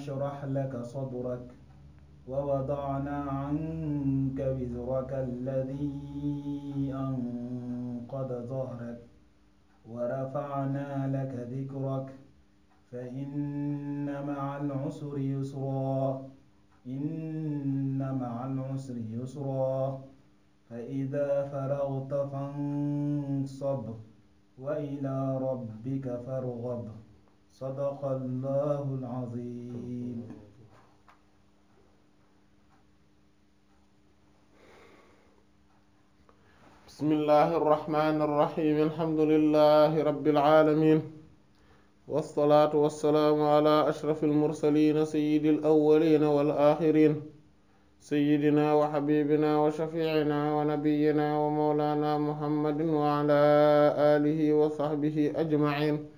نشرح لك صدرك ووضعنا عنك وزرك الذي أنقض ظهرك ورفعنا لك ذكرك فإن مع العسر يسرا إن مع العسر يسرا فإذا فرغت فانصب وإلى ربك فارغب sadaqallaahu al-aziim bismillaahi rahmaani rahiim alhamdulillaahi rabbil aalamiin wassalaatu wassalaamu alaa ashrafil mursaliin sayyidil awwaliin wal aaxiriin sayyidinaa wa xabiibinaa wa shafiicinaa wa nabiyyinaa wa mawlaanaa muhammadin wa alaa aalihi wa saxbihi ajmaciin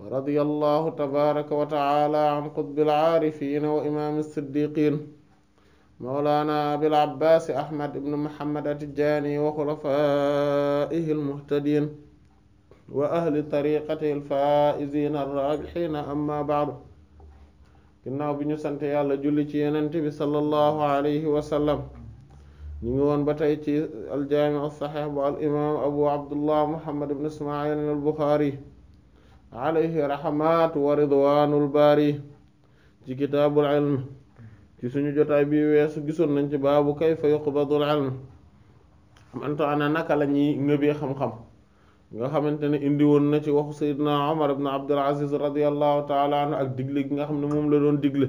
wa radiya allahu tabaraka wa taala an qutbil aarifiina wa imaami siddiqiin mawlaana abil abbaasi ahmad ibn muhammad atijjaani wa xulafaa'ihi almuhtadiin wa ahli tariqatihi alfaa'iziina arraabihiina amma ba'du ginnaaw bi ñu sant yàlla julli ci Yonent bi sallallahu alayhi wa sallam ñu ngi woon ba tey ci aljaami as-saxiix bu al imaam abu abdullah muhammad ibn ismaa'iil al buxaari alayhi rahmatu wa ci kitaabul ilm ci suñu jotaay bi weesu gisoon nañ ci baabu kayfa yuqbadul ilm manto ana naka la ñuy ngëbee xam-xam nga xamante ne indi woon na ci waxu sayyidina Umar ibn Abdul Aziz radiyallahu taala ak digle gi nga xam ne moom la doon digle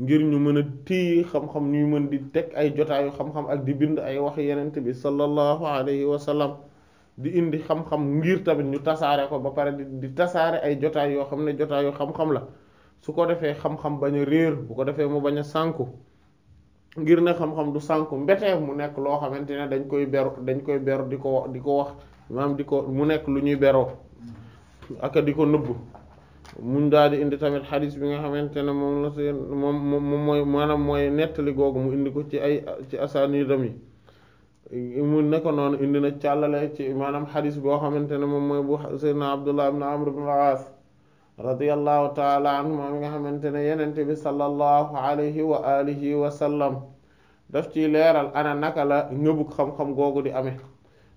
ngir ñu mën a téye xam-xam ñuy mën di teg ay jotaayu xam-xam ak di bind ay wax yenent bi sallallahu alayhi wa di indi xam-xam ngir tamit ñu tasaare ko ba pare di tasaare ay jotaay yoo xam ne jotaay yoo xam-xam la su ko defee xam-xam bañ a réer bu ko defee mu bañ a sànku ngir ne xam-xam du sànku mbetee mu nekk loo xamante ne dañ koy beru dañ koy beru di ko di ko wax maanaam di ko mu nekk lu ñuy beroo aka di ko nëbb mun daal di indi tamit xadis bi nga xamante ne moom la moom moom moom mooy maanaam mooy nettali googu mu indi ko ci ay ci asaanidam yi mu ne ko noonu indi na càllale ci maanaam xadis boo xamante ne moom mooy bu sayyidina Abdullah ibn Amr ibn al-As radiyallahu taala anhu nga xamante ne yenente bi sallallahu alayhi wa alihi wa sallam daf leeral ana naka la ngëbug xam-xam googu di ame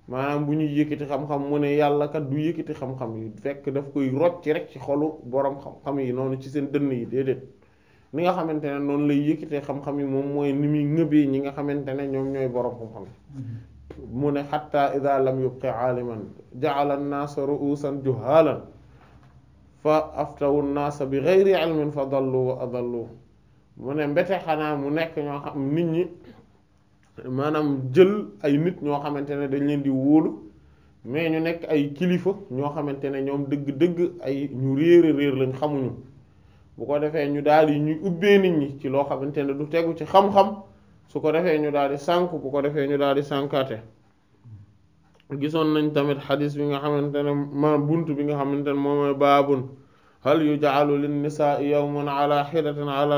maanaam bu ñuy yëkkati xam-xam mu ne yàlla kat du yëkkati xam-xam yi fekk daf koy rocc rek ci xolu boroom xam-xam yi noonu ci seen dënn yi déedéet ni nga xamante ne noonu lay yëkkatee xam-xam yi moom mooy ni muy ngëbee ñi nga xamante ne ñoom ñooy borom xam mm-hmm. mu ne xatta ida lam yubqi aaliman ja'ala an-naasa ru'uusan juhaalan fa aftawu an-naasa bi ghayri ilmin fa dallu wa mu ne mbete xanaa mu nekk ñoo xam nit ñi maanaam jël ay nit ñoo xamante ne dañ leen wóolu mais ñu nekk ay kilifa ñoo xamante ne ñoom dëgg-dëgg ay ñu réere réer lañ xamuñu bu ko defee ñu daal di ñu ubbee nit ñi ci loo xamante ne du tegu ci xam-xam su ko defee ñu daal di sànk bu ko defee ñu daal di sànkaate gisoon nañ tamit xadis bi nga xamante ne ma bunt bi nga xamante ne moom mooy baabun hal yuj'alu lin nisaai yawmun ala xidatin ala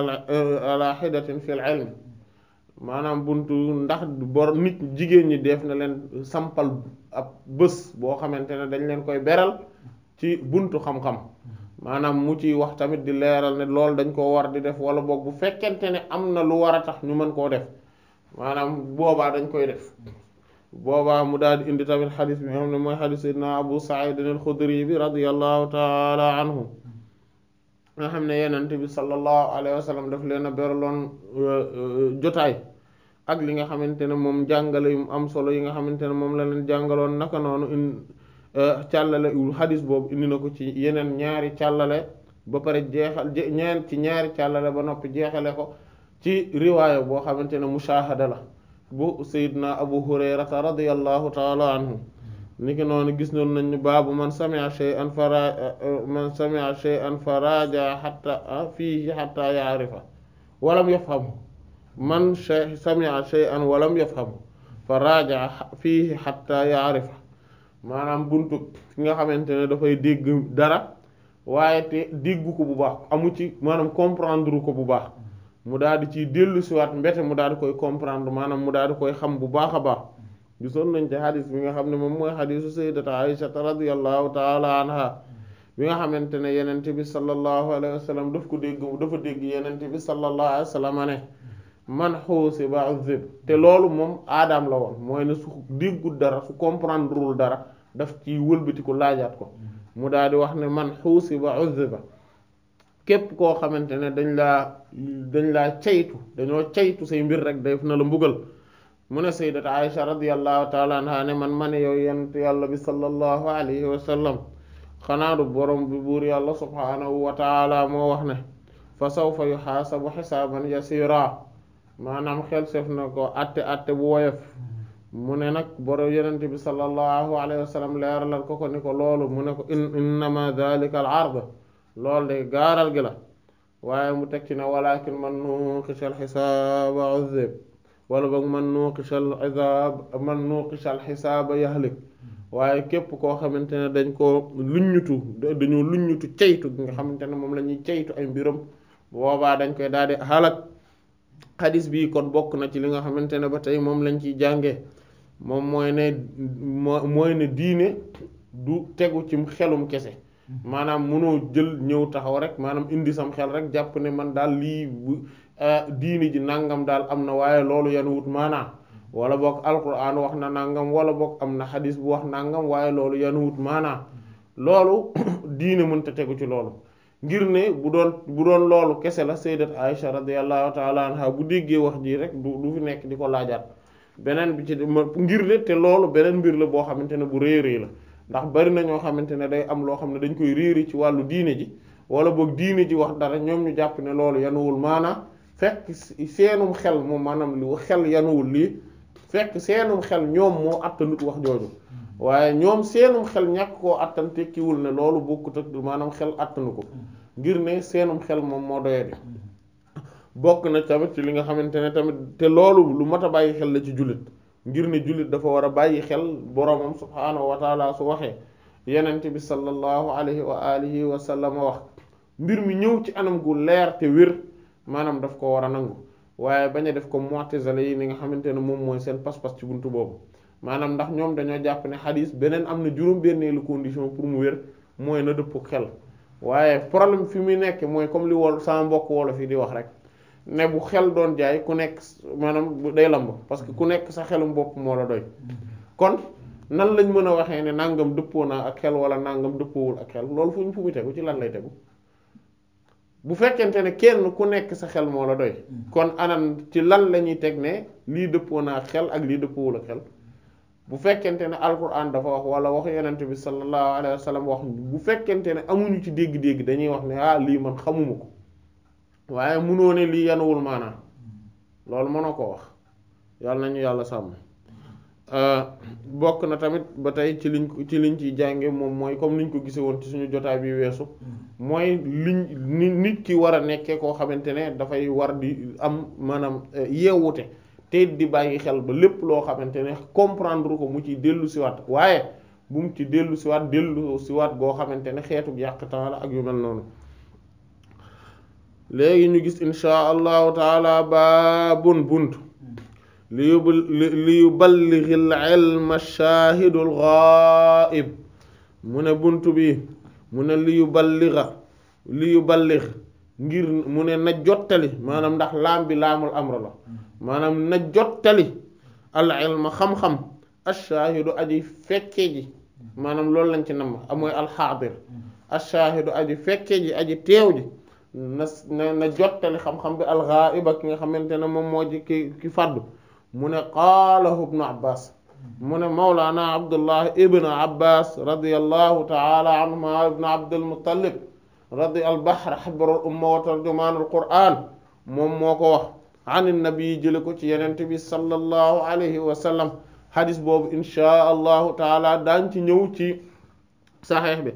ala xidatin fil ilm maanaam buntu ndax bor nit jigéen ñi def na leen sampal ab bës boo xamante ne dañ leen koy beral ci bunt xam-xam maanaam mu ci wax tamit di leeral ne loolu dañ koo war di def wala boog bu fekkente ne am na lu war a tax ñu mën koo def maanaam boobaa dañ koy def boobaa mu daal di indi tamit xadis bi nga xam ne mooy xadis sayyidina Abu Sa'id al-Khudri bi radiyallahu taala anhu nga xam ne yenent bi sallallahu alayhi wa sallam daf leen a beraloon euh, jotaay ak li nga xamante ne moom jàngale yu am solo yi nga xamante ne moom la leen jàngaloon naka noonu in Euh, càllale hadis boobu indi na ko ci yeneen ñaari càllale ba pare jeexal ci ñaari càllale ba noppi jeexale ko ci riwaaya boo xamante ne mushahada la bu sayidna abu hurayrata radiyallahu taala anhu niki noonu gis noonu baabu man sami'a shay'an fara euh, man sami'a shay'an faraja hatta ah, fiihi hatta ya'rifa walam yafhamu man sami'a shay'an walam yafhamu faraja fiihi hatta ya'rifa maanaam buntu ki nga xamante ne dafay dégg dara waaye te déggu ko bu baax amu ci maanaam comprendre ko bu baax mu daal di ciy dellu siwaat mbete mu daal di koy comprendre maanaam mu daal di koy xam bu baax a baax gisoon nañ ci xadis bi nga xam ne moom mooy xadisu sayyidata Aisha radiyallahu taala anha bi nga xamante ne yenente bi sallallahu alayhi wa ko dégg dafa dégg yenente bi sallallahu alayhi wa sallam ne man xuusi ba zib te loolu moom aadaam la woon mooy ne su déggul dara su comprendrewul dara daf ci wëlbatiku laajaat ko mm-hmm. mu daal wax ne man xuusiba uzziba képp koo xamante ne dañ la dañ la caytu dañoo caytu say mbir rek def na la mbugal mu ne sayyidat Aisha radiyallahu taala anha ne man ma ne yàlla bi sallallahu alayhi wa sallam xanaa du borom bi buur yàlla subhaanahu wa taala moo wax ne fa sawfa yuxaasabu xisaaban yasira maanaam xel sef na ko atte atte bu woyof mm-hmm. mu ne nag boro yonent bi sallallahu alayhi wa salaam leeralal ko ko ni ko loolu mu ne ko innama dhalika al ard loolu de gaaral gi la waaye mu teg na ne walakin man nuqisha al xisaaba uzib wala boog man nuqisha al izaab man nuqisha al waaye képp koo xamante ne dañ ko luññutu dañoo luññutu ceytu gi nga xamante ne moom lañuy ñuy ceytu ay mbiram boobaa dañ koy daal di xalaat xadis bi kon bokk na ci li nga xamante ne ba tey moom lañ ciy jàngee moom mooy ne moo mooy ne diine du tegu ci xelum kese mhm. maanaam mënoo jël ñëw taxaw rek maanaam indi sam xel rek jàpp ne man daal lii diine ji nangam daal am na waaye loolu yan wut maanaa mhm. wala boog alquran wax na nangam wala boog am na xadis wax nangam waaye loolu yan wut maanaa mhm. loolu diine mënta tegu ci loolu ngir ne bu doon bu doon loolu kese la sayyidat Aisha radiyallahu ta'ala anha bu déggee wax ji rek du fi nekk di ko laajaat beneen bi ci ngir ne te loolu beneen mbir la boo xamante ne bu rëy rëy la ndax bari na ñoo xamante ne day am loo xam ne dañ koy réeri ci wàllu diine ji wala boog diine ji wax dara ñoom ñu jàpp ne loolu yanuwul maanaam fekk seenum xel moom maanaam li xel yanuwul lii fekk seenum xel ñoom moo attanut wax jooju waaye ñoom seenum xel ñàkk koo attan tekkiwul ne loolu bokkut ak maanaam xel àttanu ko ngir ne seenum xel moom moo doyadi bokk na tamit ci li nga xamante ne tamit te loolu lu mat a bàyyi xel la ci jullit ngir ne jullit dafa war a bàyyi xel boromam subhaanahu wa taala su waxee yenente bi sallallahu alayhi wa alihi wa sallam wax mbir mi ñëw ci anam gu leer te maanaam daf ko war a nangu waaye bañ def ko mu'tazila yi ni nga xamante ne moom mooy seen pas-pas ci buntu boobu maanaam ndax ñoom dañoo jàpp ne xadis beneen am na juróom-benneelu condition pour mu wér mooy na dëpp xel waaye problème fi muy nekk mooy comme li wol sama mbokk wolof yi di wax rek ne bu xel doon jaay ku nekk maanaam day lamb parce que ku mm-hmm. nekk sa xelum bopp moo la doy kon nan lañ mën a waxee ne nangam dëppoo naa ak xel wala nangam dëppoowul ak xel loolu fu ñu fu mu tegu ci lan lay bu fekkente ne kenn ku nekk sa xel moo la doy mm-hmm. kon anan ci lan la ñuy teg ne lii dëppoo naa ak xel ak lii dëppoowul ak xel bu fekkente ne alquran dafa wax wala wax yonent bi sallallahu alayhi wa sallam wax bu fekkente ne amuñu ci dégg-dégg dañuy wax ne ah lii man xamuma ko waaye munoo ne lii yanuwul maanaam loolu mën mënoo ko wax yàlla nañu yàlla sàmm euh, bokk na tamit ba tey ci liñ ci liñ ciy jànge moom mooy comme niñ ko gisee woon ci suñu jotaay bi weesu mm-hmm. mooy liñ ni nit ki war a nekkee koo xamante ne dafay war di am maanaam euh, yeewute te di bàyyi xel ba lépp loo xamante ne comprendre ko mu ci dellu siwaat waaye bu mu ci dellu siwaat dellu siwaat goo xamante ne xeetu yàq temps ak yu mel noonu léegi ñu gis insha allahu taala baabun bunt li yub li yuballighil ilma mu ne bunt bi mu ne li ngir mu ne na jottali maanaam ndax laam bi laamul maanaam na jottali al ilma xam-xam ashaahidu aji fekke ji maanaam loolu lañ ci namm amooy alxaadir ashaahidu aji fekke ji aji teew na na jottali xam-xam bi al-ghaib ki nga xamante ne moom moo ji ki ki fàddu mu ne qaalahu ibnu abbas mu ne mawlaana abdullah ibnu abbas radiyallahu taala anhuma ibnu abdul muttalib radi albahr xabrul umma wa tarjumaanul qur'an moom moo ko wax an nabi jële ko ci yenent bi sallallahu alayhi wa sallam xadis allahu taala daan ci ñëw ci bi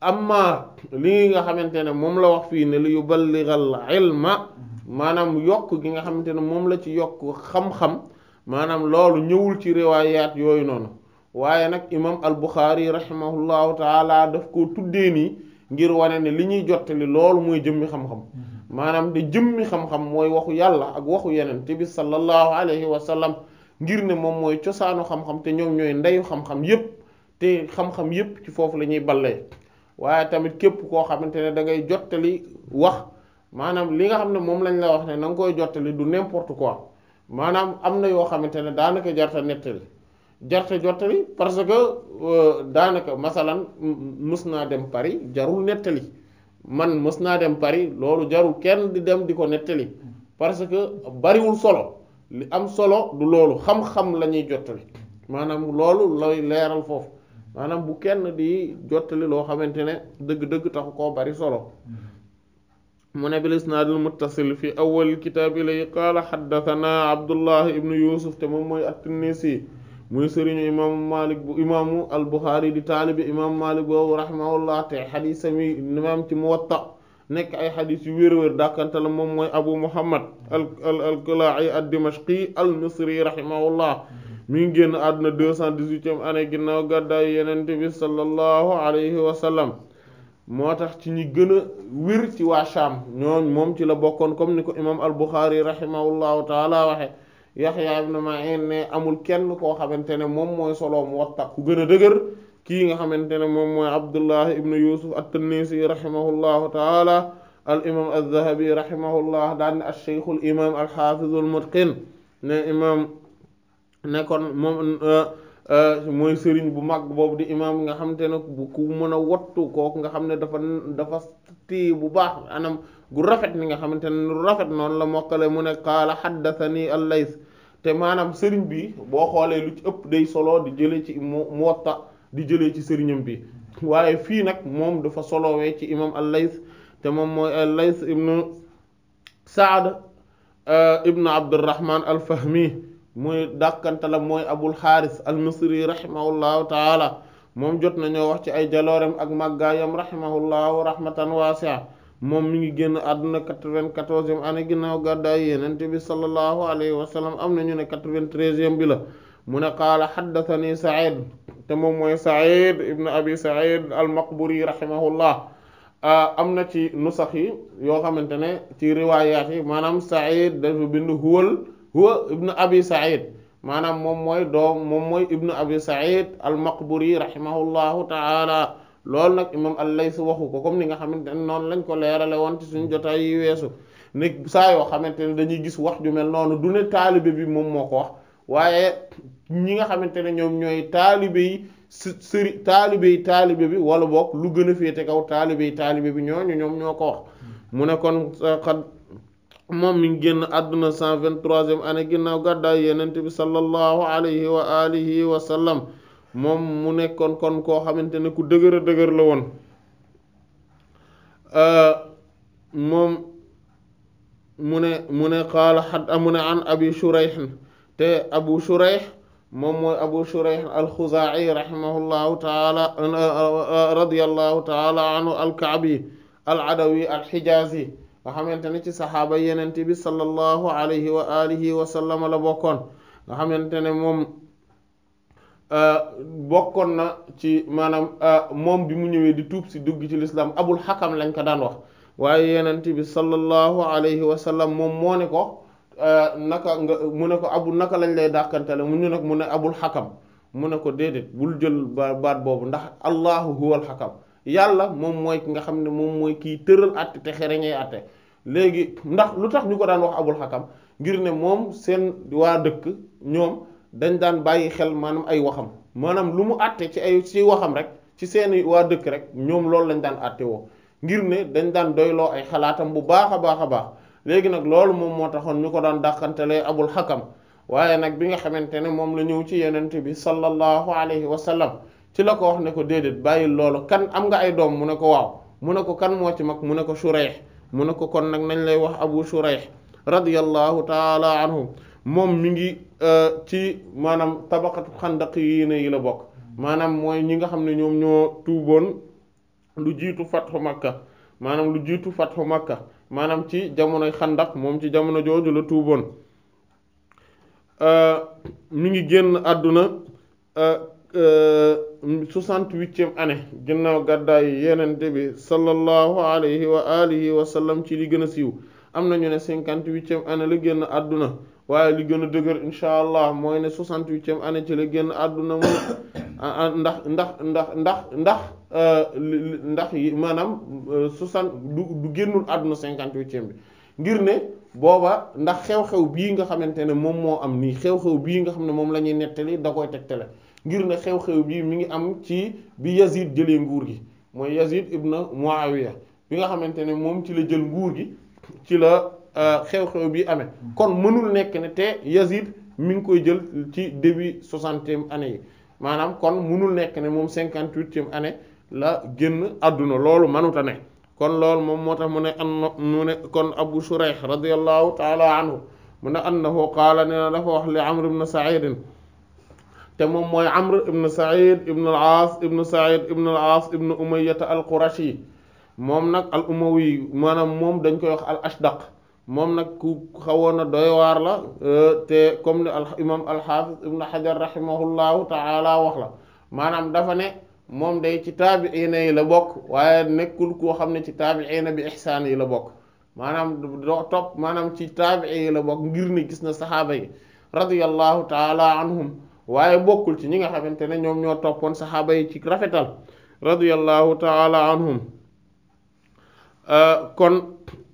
amma lii nga xamante ne moom la wax fii ne li yuballigal ilma maanaam yokk gi nga xamante ne moom la ci yokk xam-xam maanaam loolu ñëwul ci riwaayaat yooyu noonu waaye nag imam al buxaari rahimahullahu taala daf koo tuddee nii ngir wane ne li ñuy jottali loolu mooy jëmmi xam-xam maanaam de jëmmi xam mooy waxu yàlla ak waxu yeneen te bi sallallahu alayhi wa sallam ngir ne moom mooy cosaanu xam-xam te ñoom ñooy ndeyu xam-xam yépp te xam-xam yépp ci foofu la ñuy ballee waaye tamit képp koo xamante ne da ngay jottali wax maanaam li nga xam ne moom lañ la wax ne na nga koy jottali du n'importe quoi maanaam am na yoo xamante ne daanaka jarta nettali jarta jottali parce que euh, daanaka masalan mës naa dem Paris jarul nettali man mës naa dem Paris loolu jarul kenn di dem di ko nettali parce que bariwul solo li am solo du loolu xam-xam la ñuy jottali maanaam loolu looy leeral foofu maanaam bu kenn di jottali loo xamante ne dëgg-dëgg taxu koo bari solo mm-hmm. mu ne bil isnaadil muttasil fi awwal kitaab ilay qaala xaddathana abdullah ibnu yusuf te moom mooy at-Tinnisi muy sëriñu imaamu malik bu imaamu al buxaari di taalibi imaamu malik boobu rahimahullah te xadisami imaam ci muwatta nekk ay xadis yu wér-wér dàkkante moom mooy abu muhammad al al al kalaa'i ad-dimashqi al misri rahimahullah mm-hmm. mi génn àdduna deux cent dix-huitième année ginnaaw gàddaay yenente bi sallallahu alayhi wa moo tax ci ñi gën wir ci waa Sham ñoom moom ci la bokkoon comme ni ko imam al-Bukhari rahimahullahu taala waxe Yaxya ibn Ma'in ne amul kenn koo xamante ne moom mooy solo Muwatta ku gën a dëgër kii nga xamante ne moom mooy Abdullah ibn Yusuf at-Tinnisi rahimahullahu taala al imam az-Zahabi rahimahullah daan ne al sheykhul imam al xaafizul mutqin ne nekkoon moom euh, euh, mooy sëriñ bu mag boobu di imaam nga xamante ne bu ku mën a wottu kooku nga xam ne dafa dafa téye bu baax anam gu rafet ni nga xamante ne lu rafet noonu la mokkale mu ne qaala xaddathani allays te maanaam sëriñ bi boo xoolee lu ci ëpp day solo di jële ci muwatta di jëlee ci sëriñam bi waaye fii nag moom dafa solowee ci imaam allays te moom mooy allays ibnu saad euh, ibnu abdurrahman al fahmi muy dàkkantala mooy abul xaaris almasri rahimahullahu taala moom jot nañoo wax ci ay jaloorem ak màggaayam rahimahullahu rahmatan waasia moom mu ngi génn àdduna quatre-vingt-quatorzième année ginnaaw gàddaay yenente bi sallallahu alayhi wa sallam am nañu ne quatre-vingt-treizième bi la mu ne qaala xaddathani said te moom mooy said ibn abi said al-maqburi rahimahullah am na ci nusax yi yoo xamante ne ci riwaayaat yi maanaam said dafa bind huwal huwa ibnu abi said maanaam moom mooy doom moom mooy ibnu abi said al-maqburi rahimahullahu taala loolu nag imam al su waxu ko comme ni nga xamante ne noonu lañ ko leerale woon ci suñu jotaay yi weesu ne saa yoo xamante ne dañuy gis wax ju mel noonu du ne taalibe bi moom moo ko wax waaye ñi nga xamante ne ñoom ñooy taalibe yi sëri taalibe yi taalibe bi wala boog lu gën a te kaw taalibe yi taalibe bi ñooñu ñoom ñoo ko wax mu ne kon moom mi ngi génn àdduna cent vingt-troisième année ginnaaw gàddaay yenent bi sallallahu alayhi wa alihi wa sallam moom mu nekkoon kon koo xamante ne ku dëgër a dëgër la woon euh, moom mu ne mu ne qaala xad mu ne an abi shurayh te abu shurayh moom mooy abu shurayh alxuzaa'i rahimahullahu taala euh, euh, radiyallahu taala anhu alkaabi aladawi alxijaazi nga xamante ne ci saxaaba yenent bi sallallahu alayhi wa alihi wa sallama la bokkoon nga xamante ne moom euh, bokkoon na ci maanaam euh, moom bi mu ñëwee di tuub si dugg ci lislaam abul xakam lañ ko daan wax waaye yenent bi sallallahu alayhi wa sallam moom moo ne ko euh, naka nga mu ne ko abu naka lañ lay dàkkantele mu ñu nag mu ne abul xakam mu ne ko déedéet bul jël baat boobu ndax allahu huwal xakam yàlla moom mooy ki nga xam ne moom mooy kii tëral àtte te xereñee àtte léegi ndax lu tax ñu ko daan wax abul xakam ngir ne moom seen waa dëkk ñoom dañ daan bàyyi xel maanaam ay waxam maanaam lu mu àttee ci ay ci waxam rek ci seeni waa dëkk rek ñoom loolu lañ daan àtte woo ngir ne dañ daan doyloo ay xalaatam bu baax a baax a baax léegi nag loolu moom moo taxoon ñu ko daan dàqantelee abul xakam waaye nag bi nga xamante ne moom la ñëw ci yenente bi sallallahu alayhi ci la ko wax ne ko déedéet bàyyil loolu kan am nga ay doom mu ne ko waaw mu ne ko kan moo ci mag mu ne ko Shurayh mu ne ko kon nag nañ lay wax Abu Shurayh radiyallahu taala anhu moom mi ngi euh, ci maanaam tabaqatu xandaq yi ne yi la bokk maanaam mooy ñi nga xam ne ñoom ñoo tuuboon lu jiitu fatxu Makka maanaam lu jiitu fat fatxu Makka maanaam ci jamonoy xandaq moom ci jamono jooju la tuuboon euh, mi ngi génn àdduna euh, Euh, soixante-huitième année ginnaaw gàddaayu Yonent bi sallallahu alayhi wa alihi wa sallam ci li gën a siiw am nañu ne cinquante-huitième année la génn àdduna waaye li gën a dëgër incha allah mooy ne soixante-huitième année ci la génn àdduna mu ah, ndax ndax ndax ndax ndax euh, ndax maanaam euh, soixante du du génnul àdduna cinquante-huitième bi ngir ne booba ndax xew-xew bii nga xamante ne moom moo am nii xew-xew bii nga xam ne moom la ñuy nettali da koy tegtale ngir ne xew-xew bi mi ngi am ci bi Yazid jëlee nguur gi mooy Yazid mois Muawiya bi nga xamante ne moom ci la jël nguur gi ci la euh, xew-xew bi amee kon mënul nekk ne te Yazid mi ngi koy jël ci début soixantième année yi maanaam kon mënul nekk ne moom cinquante-huitième année la génn àdduna loolu manuta ne kon loolu moom moo tax mu ne an mu ne kon Abu Shurayh radiyallahu taala anhu mu ne annahu kaala nee na dafa wax li Amr ibn Sa'id te moom mooy amr ibn said ibn al-aas ibn said ibn al-aas ibn umayyata al-qurashi moom nag al umawi maanaam moom dañ koy wax al ashdaq moom nag ku xawoon a doy waar la euh, te comme ni al imam al-hafiz ibn hajar rahimahullahu taala wax la maanaam dafa ne moom day ci na yi la bokk waaye nekkul koo xam ne ci taabiina bi ihsaan yi la bokk maanaam doo topp maanaam ci taabii yi la bokk ngir ne gis na saxaaba yi radiyallahu taala anhum waaye bokkul ci ñi nga xamante ne ñoom ñoo toppoon saxaaba yi ci rafetal radiyallahu taala anhum euh, kon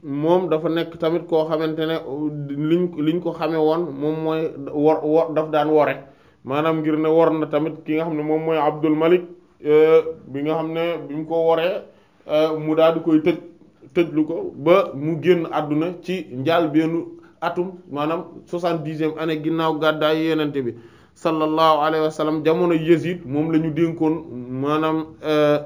moom dafa nekk tamit koo xamante ne liñ liñ ko xamee woon moom mooy wor wor daf daan wore maanaam ngir ne wor na tamit ki nga xam ne moom mooy Abdul Malik euh, bi nga xam ne bi mu ko woree euh, mu daal di koy tëj tëjlu ko ba mu génn àdduna ci njaal bennu atum maanaam soixante-dixième année ginnaaw gàddaay yenente bi sallallahu alayhi wa sallam jamono Yazid moom la ñu dénkoon maanaam euh,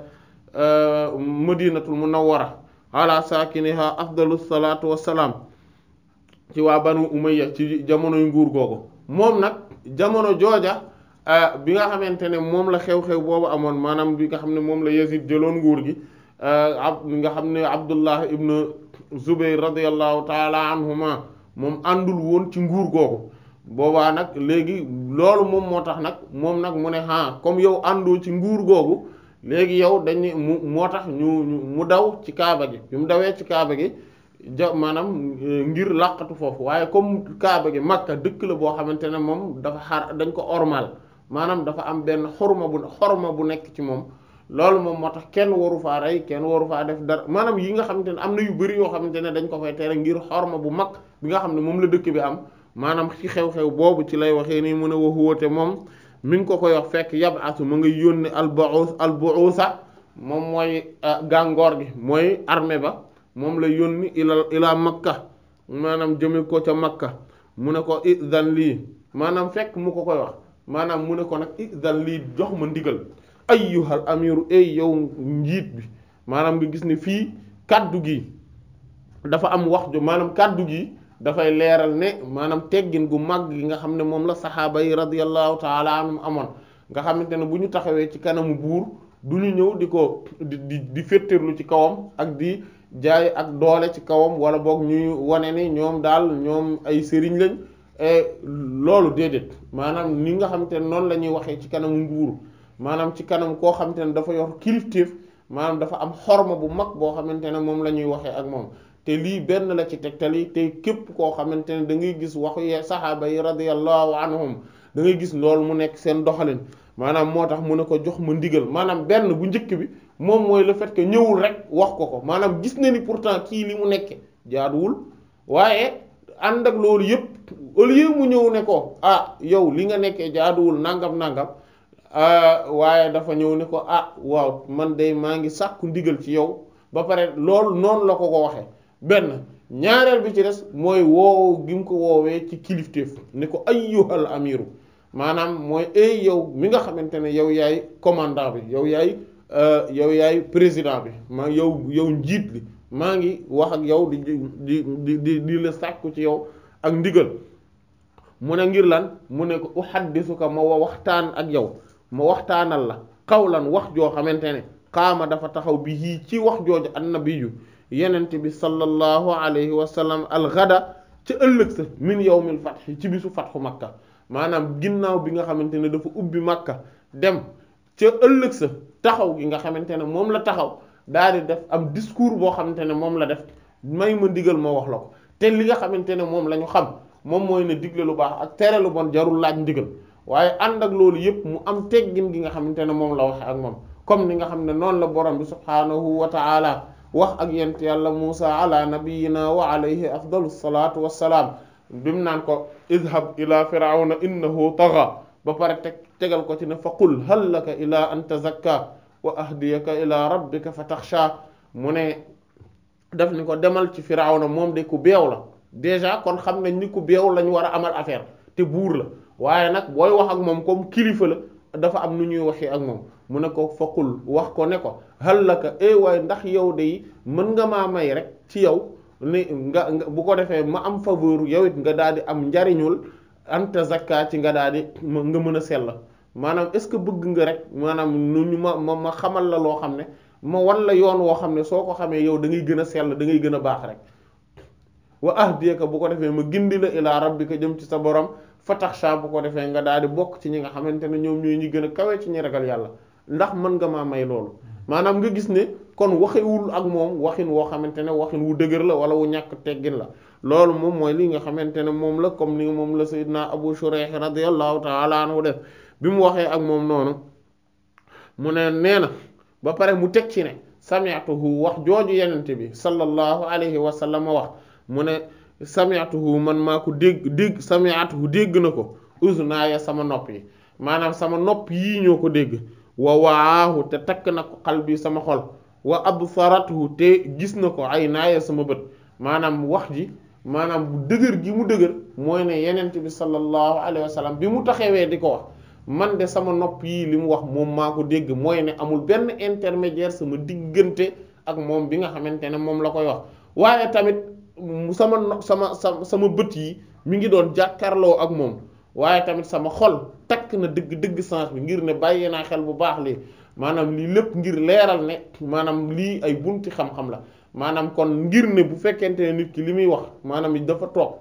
euh, madinatul munawwara ala saakiniha afdalu salaatu wassalaam ci waa banu umayya ci jamonoy nguur googu moom nag jamono jooja euh, bi nga xamante ne moom la xew-xew boobu amoon maanaam bi nga xam ne moom la Yazid jëloon nguur gi ab nga xam ne Abdullah ibn Zubayr radiyallahu taala anhuma moom àndul woon ci nguur googu boobaa nag léegi loolu moom moo tax nag moom nag mu ne ah comme yow àndoo ci nguur googu léegi yow dañuy mu moo tax ñu mu daw ci kaaba gi bi mu dawee ci kaaba gi ja maanaam euh, ngir làqatu foofu waaye comme kaaba gi Makka dëkk la boo xamante ne moom dafa xar dañ ko ormal maanaam dafa am benn xorma bu xorma bu nekk ci moom loolu moom moo tax kenn waru faa rey kenn waru faa def dara maanaam yi nga xamante ne am na yu bari yoo xamante ne dañ ko fay tere ngir xorma bu mag bi nga xam ne moom la dëkk bi am maanaam ci xew-xew boobu ci lay waxee nii mu ne wa huwa te moom mi ko koy wax fekk yabasu mu ngi yónni albuus albuusa moom mooy ah, gàngoor gi mooy armée ba moom lay yónni ila ilaa makka maanaam jëme ko ca makka mu ne ko idan lii maanaam fekk mu ko koy wax maanaam mu ne ko nag idan lii jox ma ndigal ayyuhal amiru ay yow njiit bi maanaam nga gis ne fii kàddu gi dafa am wax jo maanaam kàddu gi dafay leeral ne maanaam teggin gu mag gi nga xam ne moom la saxaaba yi radiyallahu taala anhum amoon nga xamante ne bu ñu taxawee ci kanamu buur du ñu ñëw di ko di di di féttirlu ci kawam ak di jaay ak doole ci kawam wala boog ñuy wane ni ñoom daal ñoom ay sëriñ lañ eh, loolu déedéet maanaam ni nga xamante ne noonu la ñuy waxee ci kanamu nguuru maanaam ci kanam koo xamante ne dafa yor kilif kilifteef maanaam dafa am xorma bu mag boo xamante ne moom la ñuy waxee ak moom te lii benn la ci tegtal yi te képp koo xamante ne da ngay gis waxu yee saxaaba yi radiyallahu anhum da ngay gis lool mu nekk seen doxalin maanaam moo tax mu ne ko jox ma ndigal maanaam benn bu njëkk bi moom mooy la fait ñëwul rek wax ko ko maanaam gis na ni pourtant kii li mu nekkee jaaduwul waaye ànd ak loolu yépp au lieu mu ñëw ne ko ah yow li nga nekkee jaaduwul nangam nangam ah, waaye dafa ñëw ne ko ah waaw man de maa ngi sàkku ndigal ci yow ba pare loolu noonu la ko ko waxee benn ñaareel bi ci des mooy woow gi mu ko woowee ci kilifteef ni ko ayyuhal amiru maanaam mooy ay yow mi nga xamante ne yow yaay commandant bi yow yaay euh, yow yaay président bi ma yow yow njiit li maa ngi wax ak yow di di di di di la sàkku ci yow ak ndigal mu ne ngir lan mu ne ko uhaddisuka ma waxtaan ak yow ma waxtaanal la xawlan wax joo xamante ne xaama dafa taxaw bi yii ci wax jooju annabi yu yenent bi sallallahu alayhi wa sallam alxada ca ëllëg sa min yawmil fatxi ci bisu fatxu makka maanaam ginnaaw bi nga xamante ne dafa ubbi makka dem ca ëllëg sa taxaw gi nga xamante ne moom la taxaw daal di def am discours boo xamante ne moom la def may ma ndigal moo wax la ko te li nga xamante ne moom la ñu xam moom mooy ne digle lu baax ak tere lu bon jarul laaj ndigal waaye ànd ak loolu yépp mu am teggin gi nga xamante ne moom la waxe ak moom comme ni nga xam ne noonu la borom bi subhaanahu wa ta'ala wax ak yent yàlla Muusa ala nabiyina wa alayhi afdalu salaatu bi mu naan ko idhab ila na innahu tagha ba pare teg tegal ko ci ne fa qul hal laka ila an tazakka wa ahdiyaka ila rabbika fa taxsha mu ne def ni ko demal ci na moom de ku beew la déjà kon xam nañ ni ku beew lañ war a amal affaire te buur la waaye nag booy wax ak moom comme kilifa la dafa am nu ñuy waxee ak moom mu ne ko faqul wax ko ne ko halaka eh waaye ndax yow de mën nga maa may rek ci yow ni nga bu ko defee ma am faveur yow nga daal di am njariñul anta zakka ci nga daal di nga mën a sell maanaam est ce que bëgg nga rek maanaam nu ñu ma ma ma xamal la loo xam ne ma wan la yoon woo xam ne soo ko xamee yow da gën a sell da ngay gën a baax rek wa ahdiyaka bu ko defee ma gindi la ilaa ko jëm ci sa borom fataxsha bu ko defee nga daal di bokk ci ñi nga xamante ne ñoom ñooy ñi gën a kawe ci ñi yàlla ndax mën nga maa may loolu maanaam nga gis ne kon waxewul ak moom waxin woo xamante ne waxin wu dëgër la wala wu ñàkk teggin la loolu moom mooy li nga xamante ne moom la comme ni moom la sayyidna Abu Shurayh radiyallahu ta'ala anhu def bi mu waxee ak moom noonu mu ne nee na ba pare mu teg ci ne sami'tuhu wax jooju yenente bi sallallahu alayhi wa sallam wax mu ne wu man maa ko dégg dégg sami'tuhu dégg na ko uznaaya sama nopp yi maanaam sama nopp yii ñoo ko dégg wa waahu te takk na ko qalbi sama xol wa absaratu te gis na ko ay naaya sama bët maanaam wax ji maanaam dëgër gi mu dëgër mooy ne yenent bi sallallahu alayhi wa bi mu taxawee di ko wax man de sama nopp yi li mu wax moom maa ko dégg mooy ne amul benn intermédiaire sama diggante ak moom bi nga xamante ne moom la koy wax waaye tamit sama sama sama bët yi mi ngi doon jàkkaarloo ak moom waaye tamit sama xol ñàkk na dëgg dëgg sens bi ngir ne bàyyi naa xel bu baax lii maanaam lii lépp ngir leeral ne maanaam lii ay bunti xam-xam la maanaam kon ngir ne bu fekkente ne nit ki li muy wax maanaam dafa toog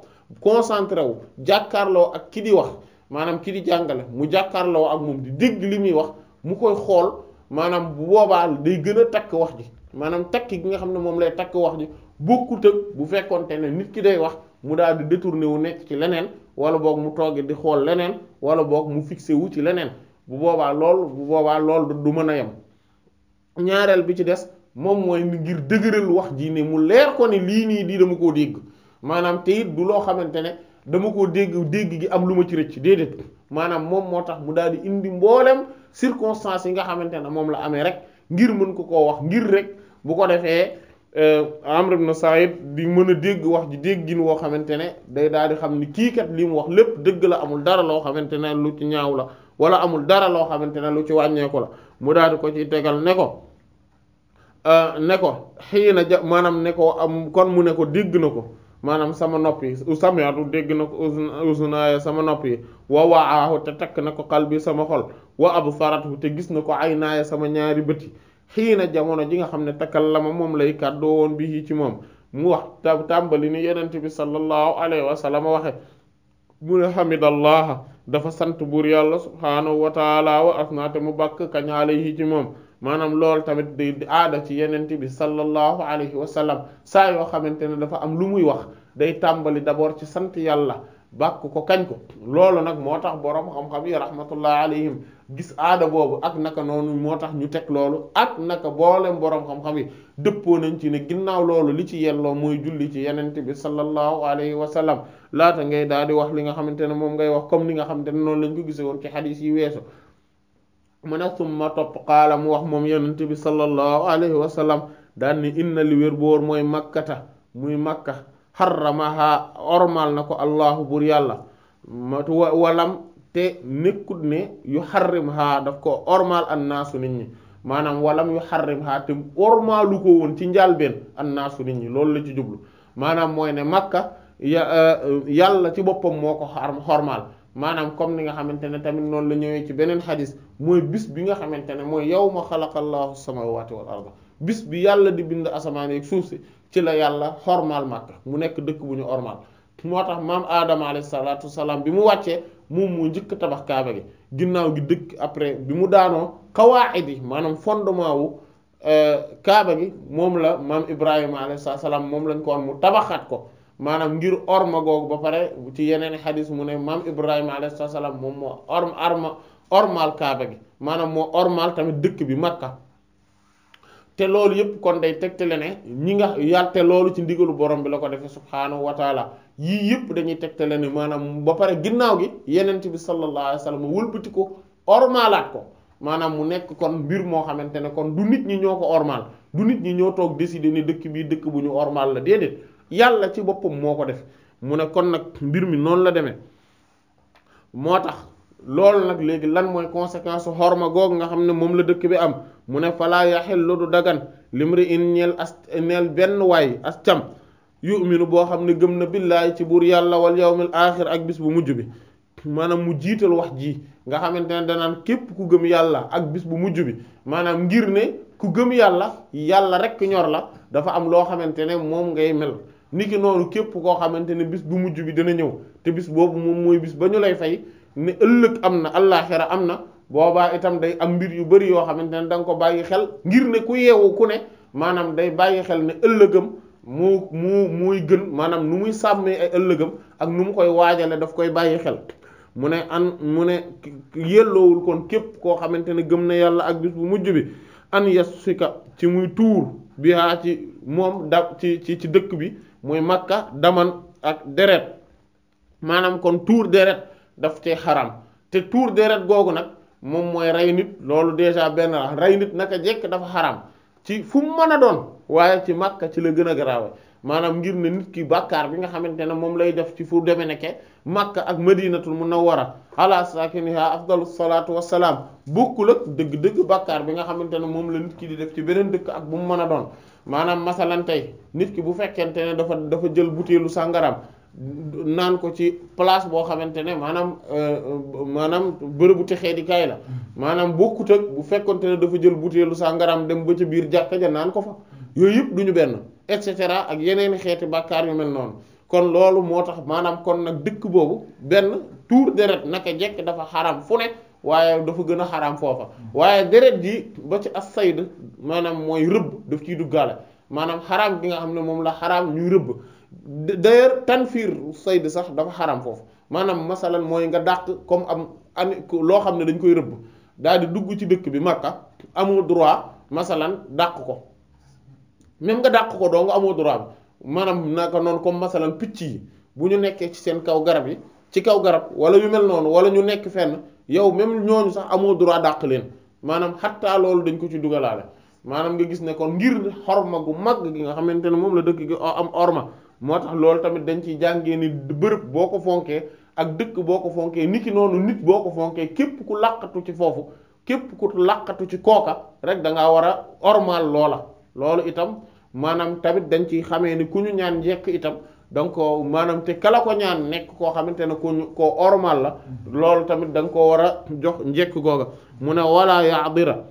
concentré wu jàkkaarloo ak ki di wax maanaam ki di jàngale mu jàkkaarloo ak moom di dégg li muy wax mu koy xool maanaam bu boobaa day gën a takk wax ji maanaam takk gi nga xam ne moom lay takk wax ji bokkut ak bu fekkonte ne nit ki day wax mu daal di détourné wu nekk ci leneen wala boog mu toog di xool leneen wala boog mu fixé wu ci leneen bu boobaa lool bu boobaa lool du mën a yem ñaareel bi ci des moom mooy ngir dëgëral wax ji ne mu leer ko ne lii nii di dama koo dégg maanaam te it du loo xamante ne dama koo dégg dégg gi am lu ma ci rëcc déedéet maanaam moom moo tax mu daal di indi mbooleem circonstances yi nga xamante ne moom la amee rek ngir mën ko koo wax ngir rek bu ko defee. Euh, Amr na Sa'id di mën a dégg wax ji déggin woo xamante ne day daal di xam ni kii kat lii mu wax lépp dëgg la amul dara loo xamante ne lu ci ñaaw la wala amul dara loo xamante ne lu ci wàññeeku la mu daal di ko ci tegal ne ko euh, ne ko xëy na ja maanaam ne ko am kon mu ne ko dégg na ko maanaam sama nopp yi samiatu dégg na ko usunaaya sama nopp yi wa waaahu te takk na ko xal bi sama xol wa absaratu te gis na ko ay naaya sama ñaari bët yi xiina jamono ji nga xam ne takallama moom lay kàddoo woon bi ci moom mu wax tàmbali ni yonent bi sallallahu alayhi wa sallam waxe mu ne xamidallaha dafa sant buur yàlla subhaanahu wa taala wa asnaate mu bàkk kañaale yi ci moom maanaam lool tamit di aada ci yenent bi sallallahu alayhi wa saa yoo xamante ne dafa am lu muy wax day tàmbali d'abord ci sant yàlla bàkk ko kañ ko loolu nag moo tax boroom xam-xam yi rahmatullah alayhim gis aada boobu ak naka noonu moo tax ñu teg loolu ak naka boolem boroom xam-xam yi dëppoo nañ ci ne ginnaaw loolu li ci yelloo mooy julli ci yenente bi sallallahu alayhi wa sallam laata ngay daal di wax li nga xamante ne moom ngay wax comme ni nga xamante ne noonu lañ ko gise woon ci xadiis yi weesu mu ne summa topp xaala mu wax moom yenente bi sallallahu alayhi wa sallam daan ni inna li wér boor mooy makkata muy makka xarramaha ormal na ko allahu bur yàlla te nekkut ne yu xarrim haa daf ko ormal an naasu nit ñi maanaam walam yu xarrim haa te ormalu ko woon ci njaalbeen an naasu nit ñi loolu la ci jublu maanaam mooy ne makka ya euh, euh, yàlla ci boppam moo ko xormaal maanaam comme ni nga xamante ne tamit noonu la ñëwee ci beneen xadis mooy bis bi nga xamante ne mooy yawma ma allahu samawati wal arda bis bi yàlla di bind asamaan yeeg suuf si ci la yàlla xormaal makka mu nekk dëkk bu ñu ormaal moo tax maam aadama bi mu wàccee moom moo njëkk tabax kaaba gi ginnaaw gi dëkk après bi mu daanoo kawaa'id yi maanaam fondement wu euh, kaaba gi moom la maam Ibrahima alayhi salaam moom lañ ko woon mu tabaxaat ko maanaam ngir orma googu ba pare ci yeneen i xadis mu ne maam Ibrahima alayhi salaam moom moo orm arma ormal kaaba gi maanaam moo ormal tamit dëkk bi Makka. te loolu yëpp kon day tegtale ne ñi nga yar te loolu ci ndigalu borom bi la ko defee subhaanahu wataala yii yëpp dañuy tegtale ne maanaam ba pare ginnaaw gi yenent bi sallallahu alayhi wa sallam wëlbati ko ormaalaat ko maanaam mu nekk kon mbir moo xamante ne kon du nit ñi ñoo ko ormaal du nit ñi ñoo toog décider ni dëkk bii dëkk bu ñu ormaal la déedéet yàlla ci boppam moo ko def mu ne kon nag mbir mi noonu la demee moo tax loolu nag léegi lan mooy conséquence xorma googu nga xam ne moom la dëkk bi am mu ne falaa yaxillu du dagan limri in ñeel as ñeel benn waay as cam yuminu boo xam ne gëm na billaay ci buur yàlla wal yawmil axir ak bis bu mujj bi maanaam mu jiital wax ji nga xamante ne danaan képp ku gëm yàlla ak bis bu mujj bi maanaam ngir ne ku gëm yàlla yàlla rek ñor la dafa am loo xamante ne moom ngay mel niki noonu képp koo xamante ne bis bu mujj bi dina ñëw te bis boobu moom mooy bis ba ñu lay fay ni ëllëg am na allaaxira am na boobaa itam day am mbir yu bari yoo xamante ne da nga ko bàyyi xel ngir ne ku yeewu ku ne maanaam day bàyyi xel ne ëllëgam mu mu muy gën maanaam nu muy sàmmee ay ëllëgam ak nu mu koy waajale daf koy bàyyi xel mu ne an mu ne yelloowul kon képp koo xamante ne gëm na yàlla ak bis bu mujj bi an yasfika ci muy tuur bihaa ci moom da ci ci ci dëkk bi muy makka daman ak deret maanaam kon tuur deret daf cee xaram te tuur deret googu nag moom mooy rey nit loolu déjà benn la rey nit naka jekk dafa xaram ci fu mu mën a doon waaye ci Makka ci la gën a garaawe maanaam ngir ne nit ki bàkkaar bi nga xamante ne moom lay def ci fu deme nekke Makka ak Madinatul Munawwara ala sakiniha afdalu salaatu wassalaam bokkul ak dëgg-dëgg bàkkaar bi nga xamante ne moom la nit ki di def ci beneen dëkk ak bu mu mën a doon maanaam masalan tey nit ki bu fekkente ne dafa dafa jël butéelu sàngaram naan ko ci place boo xamante ne maanaam euh, maanaam bërëbu texee xeeti kaay la maanaam bokkut ak bu fekkoonte ne dafa jël butéelu sàngaraam dem ba ca biir jàkka ja naan ko fa yooyu yëpp du ñu benn et cetera ak yeneen xeeti bàkkaar yu mel noonu kon loolu moo tax maanaam kon nag dëkk boobu benn tuur deret naka jekk dafa xaram fu ne waaye dafa gën a xaram foofa waaye deret ji ba ci as maanaam mooy rëbb daf ciy duggaale maanaam xaram bi nga xam ne moom la xaram ñuy rëbb d'ailleurs fiir sayd sax dafa xaram foofu maanaam masalan mooy nga dàq comme am an loo xam ne dañ koy rëbb daal di dugg ci dëkk bi Makka amoo droit masalan dàq ko même nga dàq ko doo amoo droit bi maanaam naka noonu comme masalan picc yi bu ñu nekkee ci seen kaw garab yi ci kaw garab wala yu mel noonu wala ñu nekk fenn yow même ñooñu sax amoo droit dàq leen maanaam xattaa loolu dañ ko ci dugalaale maanaam nga gis ne kon ngir xorma gu mag gi nga xamante ne moom la dëkk gi am orma moo tax loolu tamit dañ ciy jàngee ni bërëb boo ko fonkee ak dëkk boo ko fonkee niki noonu nit boo ko fonkee képp ku làqatu ci foofu képp ku làqatu ci kooka rek da ngaa war a ormal loola loolu itam maanaam tamit dañ ciy xamee ni ku ñu ñaan njekk itam donc maanaam te kala nekk koo xamante ne ku ñu ormal la loolu tamit da koo war a jox njekk googa mu ne wala yaadira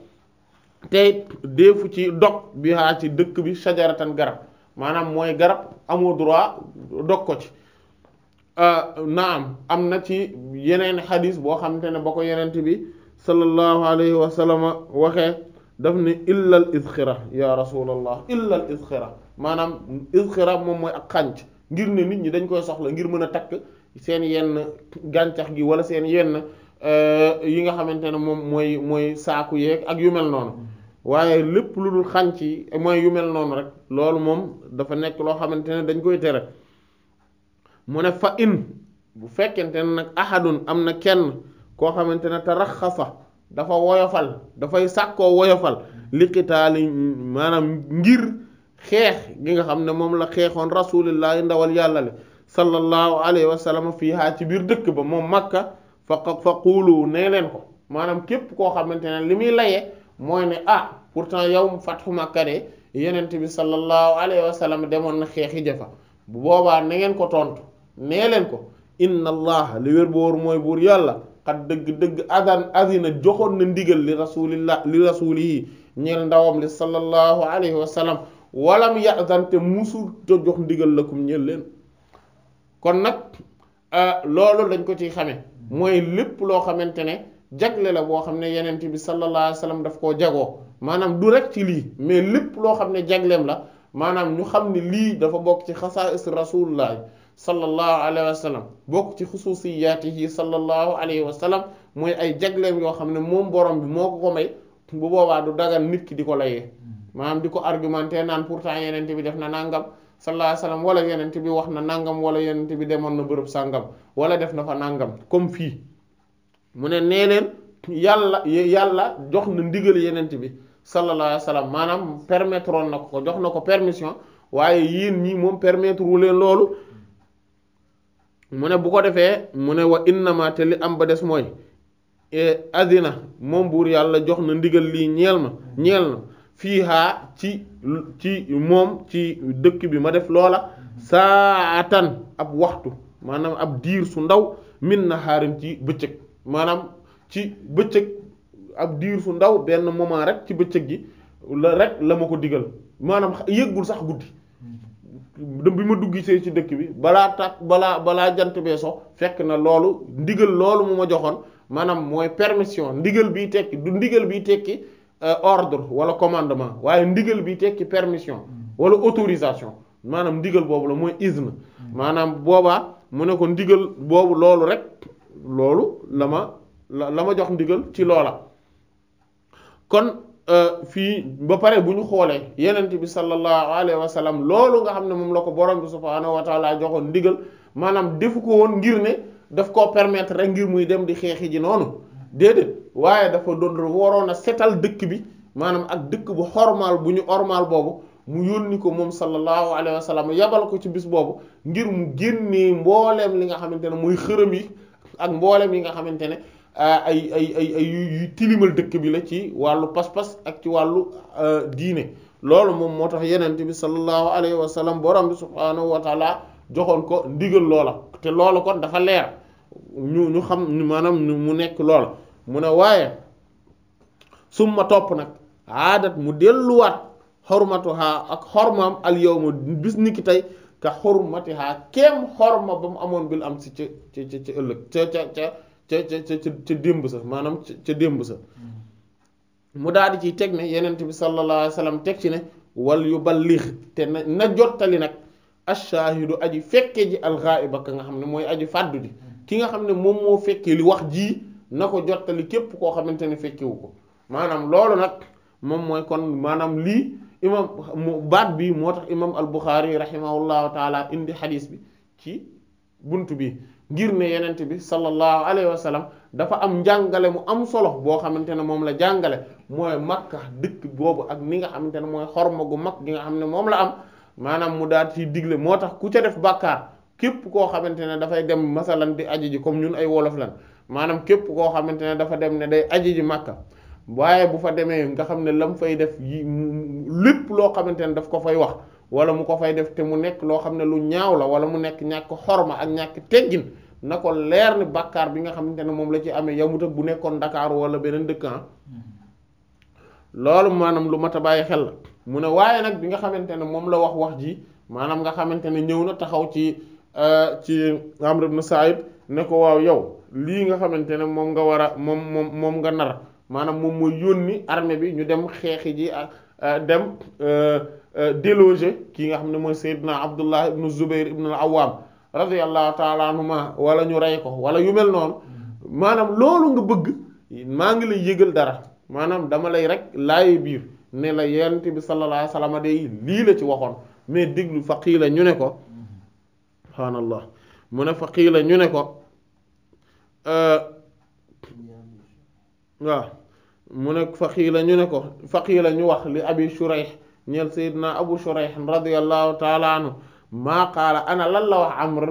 te deefu ci dog bi haa ci dëkk bi sajaratan garab maanaam mooy garab amoo droit dog ko ci euh, naam am na ci yeneeni xadis boo xamante ne ba ko yenent bi sallallahu alayhi wa sallam waxee daf ne illal isxira ya rasulallah illal isxira maanaam isxira moom mooy ak xànc ngir ne nit ñi dañ koy soxla ngir mën a takk seen yenn gàncax gi wala seen yenn euh, yi nga xamante ne moom mooy mooy saaku yeeg ak yu mel noonu waaye lépp lu dul xànc yi mooy yu mel noonu rek loolu moom dafa nekk loo xamante ne dañ koy tere mu ne fa in bu fekkente ne nag ahadun am na kenn koo xamante ne te raxasa dafa woyofal dafay sàkkoo woyofal liqitaali maanaam ngir xeex gi nga xam ne moom la xeexoon rasulillahi ndawal yàlla le sallallahu alayhi wa fii fiihaa ci biir dëkk ba moom makka fa fa quulu nee leen ko maanaam képp koo xamante ne li muy laye mooy ne ah pourtant yow fatxu Makka de yenent bi sallallahu alayhi wa sallam demoon na xeexi jafa bu boobaa na ngeen ko tontu nee leen ko inna allah li wér boor mooy buur yàlla xat dëgg-dëgg adan azina joxoon na ndigal li rasulillah li rasulihi ñeel ndawam li sallallahu alayhi wa sallam walam yazante musul te jox la lakum ñeel leen kon nag euh, loolu lañ ko ci xame mooy lépp loo xamante ne jagle la boo xam ne yenent bi sallallahu alayhi wasallam daf koo jagoo maanaam du rek ci lii mais lépp loo xam ne jagleem la maanaam ñu xam ne lii dafa bokk ci xasaa'is rasulillahi sallallahu alayhi wa sallam bokk ci xusuusiyaatihi sallallahu alayhi wa sallam mooy ay jagleem yoo xam ne moom borom bi moo ko ko may bu boobaa du dagan nit ki di ko layee maanaam di ko argumenté naan pourtant yenent bi def na nàngam sallallahu alayhi wa sallam wala bi wax na nangam wala yenent bi demoon na bërëb sàngam wala def na fa nangam comme fii mu ne nee leen yàlla yàlla jox na ndigal yeneent bi sallallahu alayhi maanaam permettre na ko jox na ko permission waaye yéen ñi moom permettre wu leen loolu mu ne bu ko defee mu ne wa innama te li am ba des mooy e, azina moom buur yàlla jox na ndigal lii ñeel ma ñeel na fii haa ci ci moom ci dëkk bi ma def loola saatan ab waxtu maanaam ab diir su ndaw min na xaarin ci bëccëg maanaam ci bëccëg ak diir fu ndaw benn moment rek ci bëccëg gi la rek la ma ko digal maanaam yëgul sax guddi hmm. bi ma dugg see ci dëkk bi balaa tàkk balaa balaa jant bee so fekk na loolu ndigal loolu mu ma joxoon maanaam mooy permission ndigal bi tekki du ndigal bi tekki euh, ordre wala commandement waaye ndigal bi tekki permission hmm. wala autorisation maanaam ndigal boobu la mooy izn hmm. maanaam boobaa mu ne ko ndigal boobu loolu rek loolu la ma la ma jox ndigal ci loola kon euh, fii ba pare bu ñu xoolee yenent bi sallallahu alayhi wa loolu nga xam ne moom la ko borom bi subhaanahu wa joxoon ndigal maanaam defu ko woon ngir ne daf koo permettre rek ngir muy dem di xeexi ji noonu déedéet waaye dafa doon waroon a setal dëkk bi maanaam ak dëkk bu xormaal bu ñu ormaal boobu mu yónni ko moom sallallahu alayhi wa sallam yabal ko ci bis boobu ngir mu génnee mboolem li nga xamante ne mooy xërëm yi ak mboolem yi nga xamante ne euh, ay ay ay ay yuy tilimal dëkk bi la ci wàllu pas-pas ak ci wàllu euh, diine loolu moom moo tax yenente bi sallallahu alayhi wa sallam borom bi subhaanahu wa taala joxoon ko ndigal loola te loolu kon dafa leer ñu ñu xam maanaam mu nekk lool mu ne waaye summa topp nag aadat mu delluwaat xormatuha ak xormaam al bis ni ki tey ka xormatiha keem ma ba mu amoon bil am si ca ca ca ëllëg ca ca ca ca ca démb sa maanaam ca démb sa mm. mu daal di ciy teg ne yenent bi sallallahu wa sallam teg ci ne wal yu balligh te na na jottali nag ashaahidu aji fekke ji alxaa'iba ka nga xam ne mooy aji fàddu di mm. ki nga xam ne moom moo fekkee li wax ji na ko jottali képp koo xamante ne fekkewu ko maanaam loolu nag moom mooy kon maanaam lii mu baat bi moo tax imam al-Bukhari rahimahullahu taala indi xadis bi ci bunt bi ngir ne yenent bi sallallahu alayhi wa sallam dafa am njàngale mu am solo boo xamante ne moom la jàngale mooy makka dëkk boobu ak ni nga xamante ne mooy xorma gu mag gi nga xam ne moom la am maanaam mu daal ci digle moo tax ku ca def bàkkaar képp koo xamante ne dafay dem masalan di aji ji comme ñun ay wolof lan maanaam képp koo xamante ne dafa dem ne day aji ji makka waaye bu fa demee nga xam ne la mu fay def yi lépp loo xamante ne daf ko fay wax wala mu ko fay def te mu nekk loo xam ne lu ñaaw la wala mu nekk ñàkk xorma ak ñàkk teggin na ko leer ni bàkkaar bi nga xamante ne moom la ci amee yamut ak bu nekkoon Dakar wala beneen dëkkan ah. loolu maanaam lu mat a bàyyi xel la mu ne waaye nag bi nga xamante ne moom la wax wax ji maanaam nga xamante ne ñëw na taxaw ci euh, ci Amr ibn Sa'id ne ko waaw yow lii nga xamante ne moom nga war a moom moom moom nga nar maanaam moom mooy yónni armée bi ñu dem xeexi ji ah, ah, dem euh, euh, déloger kii nga xam ne mooy Seydina Abdullah ibnu Zubair ibnu al-Awwam radiyallahu taala anhuma wala ñu rey ko wala yu mel noonu maanaam loolu nga bëgg maa ngi lay yëgal dara maanaam dama lay rek laaye biir ne la yent bi sallallahu alayhi wasallam day lii la ci waxoon mais déglu faqiila ñu ne ko subhaanallah mu ne faqiila ñu ne ko euh, waaw mu ne faqiila ñu ne ko faqiila ñu wax li abi shurayh ñeel sayyidina abu shurayh radiyallahu taala anhu maa qaala ana lan la wax amr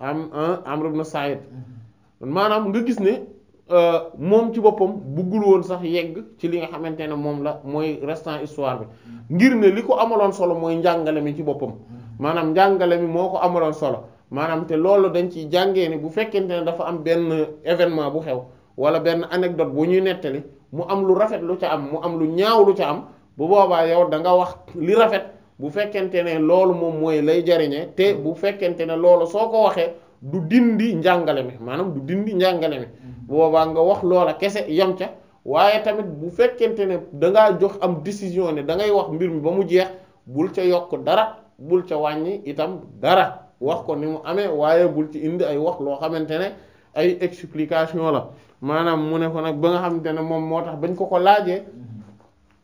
am ah, amr ibn sa'id mm-hmm. maanaam nga gis ne euh, moom ci boppam buggul woon sax yegg ci li nga xamante ne moom la mooy restant histoire bi mm-hmm. ngir ne li ko amaloon solo mooy njàngale mi ci boppam mm-hmm. maanaam njàngale mi moo ko amaloon solo maanaam te loolu dañ ci jàngee ne bu fekkente ne dafa am benn événement bu xew wala benn anecdote bu ñuy nettali mu am lu rafet lu ca am mu am lu ñaaw lu ca am bu boobaa yow da nga wax li rafet bu fekkente ne loolu moom mooy lay jariñe te mm-hmm. bu fekkente ne loolu soo ko waxee du dindi njàngale mi maanaam du dindi njàngale mi mm-hmm. bu boobaa nga wax loola kese yem ca waaye tamit bu fekkente ne da ngaa jox am décision ne dangay wax mbir mi ba mu jeex bul ca yokk dara bul ca wàññi itam dara wax ko ni mu amee waaye bul ci indi ay wax loo xamante ne ay explication la maanaam mu ne ko nag ba nga xam xamante ne moom moo tax bañ ko ko laajee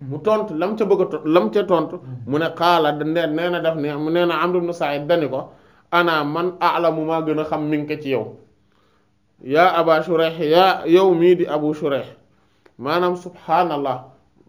mu tont lam ca bëgg a lam ca tontu mu ne xaala nee nee na def ne nee na Amr ibn Sa'id dani ko ana man alamu maa gën a xam min ko ci yow yaa aba Shurayh yaa yow mii di abu Shurayh maanaam subhaanallah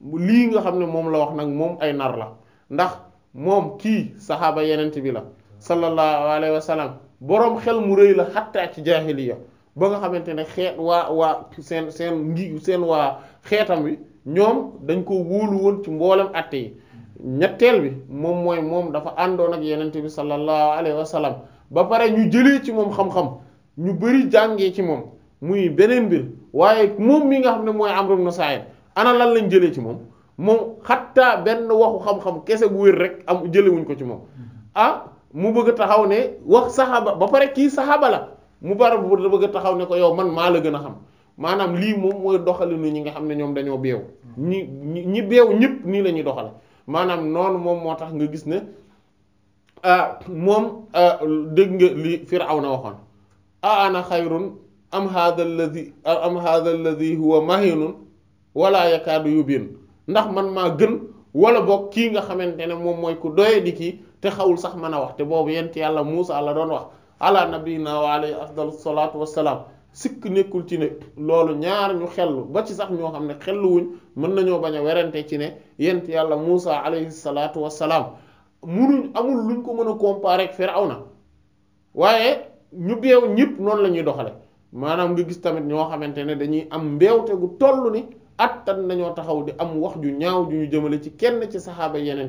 lii nga xam ne moom la wax nag moom ay nar la ndax moom kii saxaaba yenent bi la sallallahu alayhi wa sallam boroom xel mu rëy la xattaa ci jaahiliya ba nga xamante ne xeet waa waa seen seen ngi seen waa xeetam wi ñoom dañ ko wóolu woon ci mboolem atte yi ñetteel bi moom mooy moom dafa àndoon ak yenente bi sallallahu alayhi wa ba pare ñu jëlee ci moom xam-xam ñu bari jàngee ci moom muy beneen mbir waaye moom mi nga xam ne mooy Amr ibn Sa'id lan lañ jëlee ci moom moom xattaa benn waxu xam-xam kese bu wér rek am jëlewuñ ko ci moom ah mu bëgg taxaw ne wax saxaaba ba pare kii saxaaba la mu bara bu da bëgg a taxaw ne ko yow man maa la gën a xam maanaam lii moom mooy doxalinu ñi nga xam ne ñoom dañoo beew ñi ñi beew ñëpp nii la ñuy doxale maanaam noonu moom moo tax nga gis ne ah, moom ah, dégg nga li Firawna waxoon a ana xayrun am hadha alladhi am hadha alladhi huwa mahinun wala yakaadu yubin ndax man maa gën wala boog kii nga xamante ne moom mooy ku doye di kii te xawul sax mën a wax te boobu yent yàlla Muusa la doon wax ala nabiyina wa alayhi afdalu salaatu wassalaam sikk nekkul ci ne loolu ñaar ñu xellu ba ci sax ñoo xam ne xelluwuñ mën nañoo bañ a werante ci ne yent yàlla Muusa alayhi salaatu wassalaam munuñ amul luñ ko mën a comparer ak na waaye ñu beew ñëpp noonu la ñuy doxale maanaam nga gis tamit ñoo xamante ne dañuy am mbeewte gu toll ni attan nañoo taxaw di am wax ju ñaaw ju ñu jëmale ci kenn ci saxaaba yeneen